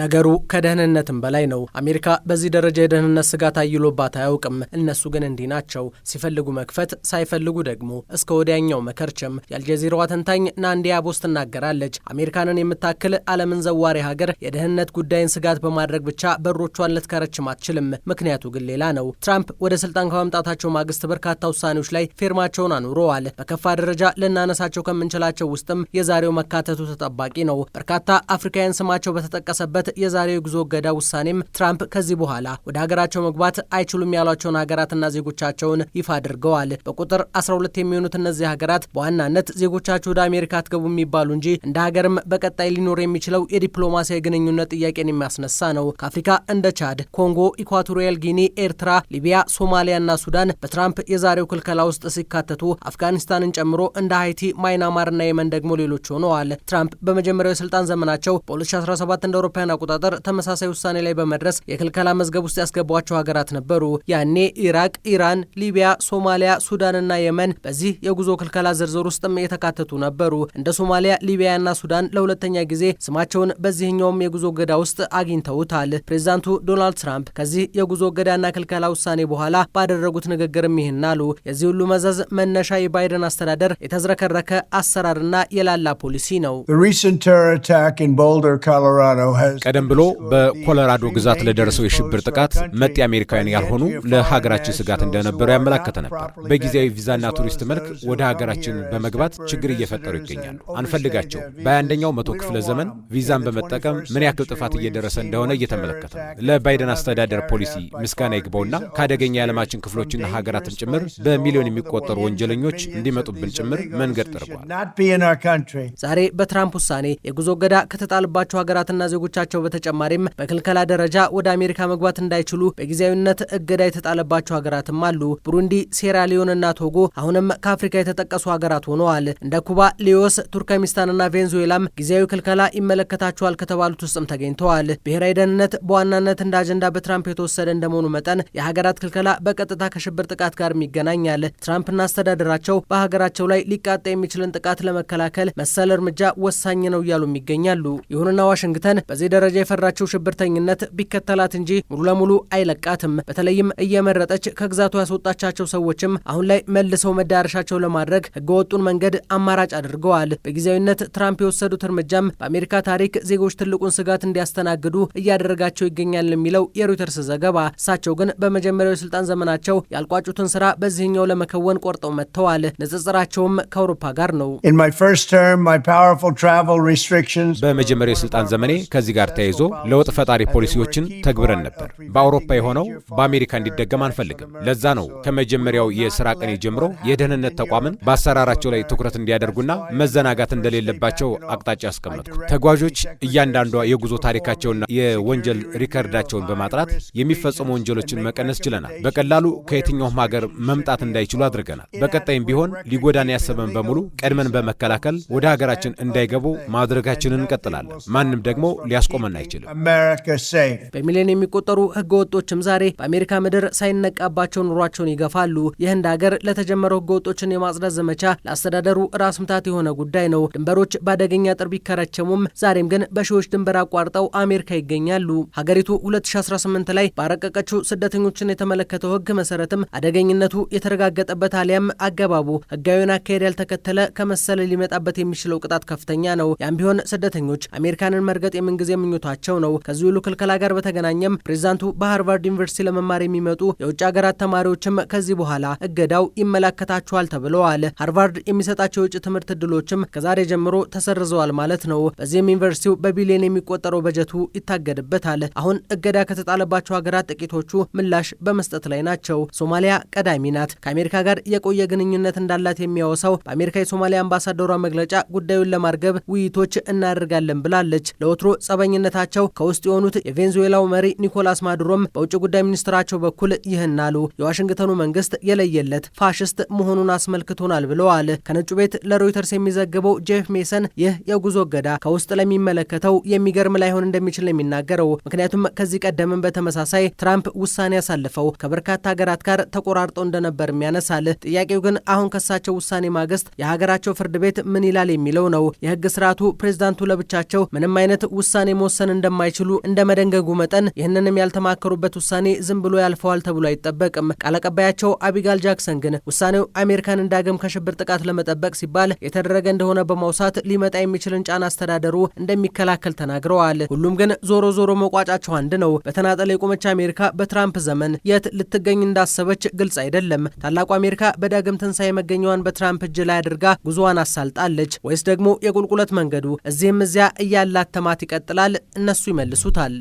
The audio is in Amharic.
ነገሩ ከደህንነትም በላይ ነው። አሜሪካ በዚህ ደረጃ የደህንነት ስጋት አይሎባት አያውቅም። እነሱ ግን እንዲህ ናቸው። ሲፈልጉ መክፈት፣ ሳይፈልጉ ደግሞ እስከ ወዲያኛው መከርችም የአልጀዚራዋ ተንታኝ ናንዲያ ቦስ ትናገራለች። አሜሪካንን የምታክል ዓለምን ዘዋሪ ሀገር የደህንነት ጉዳይን ስጋት በማድረግ ብቻ በሮቿን ልትከረችም አትችልም። ምክንያቱ ግን ሌላ ነው። ትራምፕ ወደ ስልጣን ከመምጣታቸው ማግስት በርካታ ውሳኔዎች ላይ ፊርማቸውን አኑረዋል። በከፋ ደረጃ ልናነሳቸው ከምንችላቸው ውስጥም የዛሬው መካተቱ ተጠባቂ ነው። በርካታ አፍሪካውያን ስማቸው በተጠቀሰበት መሰረት የዛሬው የጉዞ እገዳ ውሳኔም ትራምፕ ከዚህ በኋላ ወደ ሀገራቸው መግባት አይችሉም ያሏቸውን ሀገራትና ዜጎቻቸውን ይፋ አድርገዋል። በቁጥር 12 የሚሆኑት እነዚህ ሀገራት በዋናነት ዜጎቻቸው ወደ አሜሪካ አትገቡ የሚባሉ እንጂ እንደ ሀገርም በቀጣይ ሊኖር የሚችለው የዲፕሎማሲያዊ ግንኙነት ጥያቄን የሚያስነሳ ነው። ከአፍሪካ እንደ ቻድ፣ ኮንጎ፣ ኢኳቶሪያል ጊኒ፣ ኤርትራ፣ ሊቢያ፣ ሶማሊያና ሱዳን በትራምፕ የዛሬው ክልከላ ውስጥ ሲካተቱ አፍጋኒስታንን ጨምሮ እንደ ሀይቲ፣ ማይናማርና የመን ደግሞ ሌሎች ሆነዋል። ትራምፕ በመጀመሪያው የስልጣን ዘመናቸው በ2017 እንደ አውሮፓውያን አውሮፓውያን አቆጣጠር ተመሳሳይ ውሳኔ ላይ በመድረስ የክልከላ መዝገብ ውስጥ ያስገቧቸው ሀገራት ነበሩ። ያኔ ኢራቅ፣ ኢራን፣ ሊቢያ፣ ሶማሊያ፣ ሱዳንና የመን በዚህ የጉዞ ክልከላ ዝርዝር ውስጥም የተካተቱ ነበሩ። እንደ ሶማሊያ፣ ሊቢያና ሱዳን ለሁለተኛ ጊዜ ስማቸውን በዚህኛውም የጉዞ እገዳ ውስጥ አግኝተውታል። ፕሬዚዳንቱ ዶናልድ ትራምፕ ከዚህ የጉዞ እገዳና ክልከላ ውሳኔ በኋላ ባደረጉት ንግግርም ይህን አሉ። የዚህ ሁሉ መዘዝ መነሻ የባይደን አስተዳደር የተዝረከረከ አሰራርና የላላ ፖሊሲ ነው። ቀደም ብሎ በኮሎራዶ ግዛት ለደረሰው የሽብር ጥቃት መጤ አሜሪካውያን ያልሆኑ ለሀገራችን ስጋት እንደነበሩ ያመላከተ ነበር። በጊዜያዊ ቪዛና ቱሪስት መልክ ወደ ሀገራችን በመግባት ችግር እየፈጠሩ ይገኛሉ። አንፈልጋቸው። በአንደኛው መቶ ክፍለ ዘመን ቪዛን በመጠቀም ምን ያክል ጥፋት እየደረሰ እንደሆነ እየተመለከተ ነው። ለባይደን አስተዳደር ፖሊሲ ምስጋና ይግባውና ከአደገኛ የዓለማችን ክፍሎችና ሀገራትን ጭምር በሚሊዮን የሚቆጠሩ ወንጀለኞች እንዲመጡብን ጭምር መንገድ ጠርጓል። ዛሬ በትራምፕ ውሳኔ የጉዞ እገዳ ከተጣለባቸው ሀገራትና ዜጎቻችን ከመሆናቸው በተጨማሪም በክልከላ ደረጃ ወደ አሜሪካ መግባት እንዳይችሉ በጊዜያዊነት እገዳ የተጣለባቸው ሀገራትም አሉ። ቡሩንዲ፣ ሴራሊዮንና ቶጎ አሁንም ከአፍሪካ የተጠቀሱ ሀገራት ሆነዋል። እንደ ኩባ፣ ሌዎስ፣ ቱርከሚስታንና ቬንዙዌላም ጊዜያዊ ክልከላ ይመለከታቸዋል ከተባሉት ውስጥም ተገኝተዋል። ብሔራዊ ደህንነት በዋናነት እንደ አጀንዳ በትራምፕ የተወሰደ እንደመሆኑ መጠን የሀገራት ክልከላ በቀጥታ ከሽብር ጥቃት ጋርም ይገናኛል። ትራምፕና አስተዳደራቸው በሀገራቸው ላይ ሊቃጣ የሚችልን ጥቃት ለመከላከል መሰል እርምጃ ወሳኝ ነው እያሉም ይገኛሉ። ይሁንና ዋሽንግተን በዚህ ደረጃ የፈራችው ሽብርተኝነት ቢከተላት እንጂ ሙሉ ለሙሉ አይለቃትም። በተለይም እየመረጠች ከግዛቱ ያስወጣቻቸው ሰዎችም አሁን ላይ መልሰው መዳረሻቸው ለማድረግ ህገወጡን መንገድ አማራጭ አድርገዋል። በጊዜያዊነት ትራምፕ የወሰዱት እርምጃም በአሜሪካ ታሪክ ዜጎች ትልቁን ስጋት እንዲያስተናግዱ እያደረጋቸው ይገኛል የሚለው የሮይተርስ ዘገባ። እሳቸው ግን በመጀመሪያው የስልጣን ዘመናቸው ያልቋጩትን ስራ በዚህኛው ለመከወን ቆርጠው መጥተዋል። ንጽጽራቸውም ከአውሮፓ ጋር ነው። በመጀመሪያው የስልጣን ዘመኔ ከዚህ ጋር ተይዞ ለውጥ ፈጣሪ ፖሊሲዎችን ተግብረን ነበር። በአውሮፓ የሆነው በአሜሪካ እንዲደገም አንፈልግም። ለዛ ነው ከመጀመሪያው የስራ ቀኔ ጀምሮ የደህንነት ተቋምን በአሰራራቸው ላይ ትኩረት እንዲያደርጉና መዘናጋት እንደሌለባቸው አቅጣጫ ያስቀመጥኩት። ተጓዦች እያንዳንዷ የጉዞ ታሪካቸውና የወንጀል ሪከርዳቸውን በማጥራት የሚፈጸሙ ወንጀሎችን መቀነስ ችለናል። በቀላሉ ከየትኛውም ሀገር መምጣት እንዳይችሉ አድርገናል። በቀጣይም ቢሆን ሊጎዳን ያሰበን በሙሉ ቀድመን በመከላከል ወደ ሀገራችን እንዳይገቡ ማድረጋችንን እንቀጥላለን። ማንም ደግሞ ሊያስቆም ሊያቆመን አይችልም። በሚሊዮን የሚቆጠሩ ህገወጦችም ዛሬ በአሜሪካ ምድር ሳይነቃባቸው ኑሯቸውን ይገፋሉ። የህንድ ሀገር ለተጀመረው ህገወጦችን የማጽዳት ዘመቻ ለአስተዳደሩ ራስ ምታት የሆነ ጉዳይ ነው። ድንበሮች በአደገኛ ጥር ቢከረቸሙም ዛሬም ግን በሺዎች ድንበር አቋርጠው አሜሪካ ይገኛሉ። ሀገሪቱ 2018 ላይ ባረቀቀችው ስደተኞችን የተመለከተው ህግ መሰረትም አደገኝነቱ የተረጋገጠበት አሊያም አገባቡ ህጋዊን አካሄድ ያልተከተለ ከመሰለ ሊመጣበት የሚችለው ቅጣት ከፍተኛ ነው። ያም ቢሆን ስደተኞች አሜሪካንን መርገጥ የምንጊዜ ምኞታቸው ነው። ከዚሁ ሁሉ ክልከላ ጋር በተገናኘም ፕሬዚዳንቱ በሃርቫርድ ዩኒቨርሲቲ ለመማር የሚመጡ የውጭ ሀገራት ተማሪዎችም ከዚህ በኋላ እገዳው ይመለከታቸዋል ተብለዋል። ሃርቫርድ የሚሰጣቸው የውጭ ትምህርት እድሎችም ከዛሬ ጀምሮ ተሰርዘዋል ማለት ነው። በዚህም ዩኒቨርሲቲው በቢሊዮን የሚቆጠረው በጀቱ ይታገድበታል። አሁን እገዳ ከተጣለባቸው ሀገራት ጥቂቶቹ ምላሽ በመስጠት ላይ ናቸው። ሶማሊያ ቀዳሚ ናት። ከአሜሪካ ጋር የቆየ ግንኙነት እንዳላት የሚያወሳው በአሜሪካ የሶማሊያ አምባሳደሯ መግለጫ ጉዳዩን ለማርገብ ውይይቶች እናደርጋለን ብላለች። ለወትሮ ጸበኛ ጥገኝነታቸው ከውስጥ የሆኑት የቬንዙዌላው መሪ ኒኮላስ ማዱሮም በውጭ ጉዳይ ሚኒስትራቸው በኩል ይህን አሉ። የዋሽንግተኑ መንግስት የለየለት ፋሽስት መሆኑን አስመልክቶናል ብለዋል። ከነጩ ቤት ለሮይተርስ የሚዘግበው ጄፍ ሜሰን ይህ የጉዞ እገዳ ከውስጥ ለሚመለከተው የሚገርም ላይሆን እንደሚችል ነው የሚናገረው። ምክንያቱም ከዚህ ቀደምም በተመሳሳይ ትራምፕ ውሳኔ ያሳልፈው ከበርካታ ሀገራት ጋር ተቆራርጠው እንደነበርም ያነሳል። ጥያቄው ግን አሁን ከሳቸው ውሳኔ ማግስት የሀገራቸው ፍርድ ቤት ምን ይላል የሚለው ነው። የህግ ስርዓቱ ፕሬዚዳንቱ ለብቻቸው ምንም አይነት ውሳኔ መወሰን እንደማይችሉ እንደ መደንገጉ መጠን ይህንንም ያልተማከሩበት ውሳኔ ዝም ብሎ ያልፈዋል ተብሎ አይጠበቅም። ቃል አቀባያቸው አቢጋል ጃክሰን ግን ውሳኔው አሜሪካን ዳግም ከሽብር ጥቃት ለመጠበቅ ሲባል የተደረገ እንደሆነ በማውሳት ሊመጣ የሚችልን ጫና አስተዳደሩ እንደሚከላከል ተናግረዋል። ሁሉም ግን ዞሮ ዞሮ መቋጫቸው አንድ ነው። በተናጠለ የቆመች አሜሪካ በትራምፕ ዘመን የት ልትገኝ እንዳሰበች ግልጽ አይደለም። ታላቁ አሜሪካ በዳግም ትንሣኤ መገኘዋን በትራምፕ እጅ ላይ አድርጋ ጉዞዋን አሳልጣለች ወይስ ደግሞ የቁልቁለት መንገዱ እዚህም እዚያ እያላተማት ይቀጥላል? እነሱ ይመልሱታል።